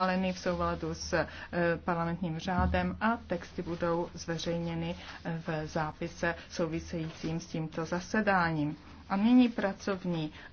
schváleny v souladu s eh, parlamentním řádem a texty budou zveřejněny eh, v zápise souvisejícím s tímto zasedáním. A nyní pracovní eh,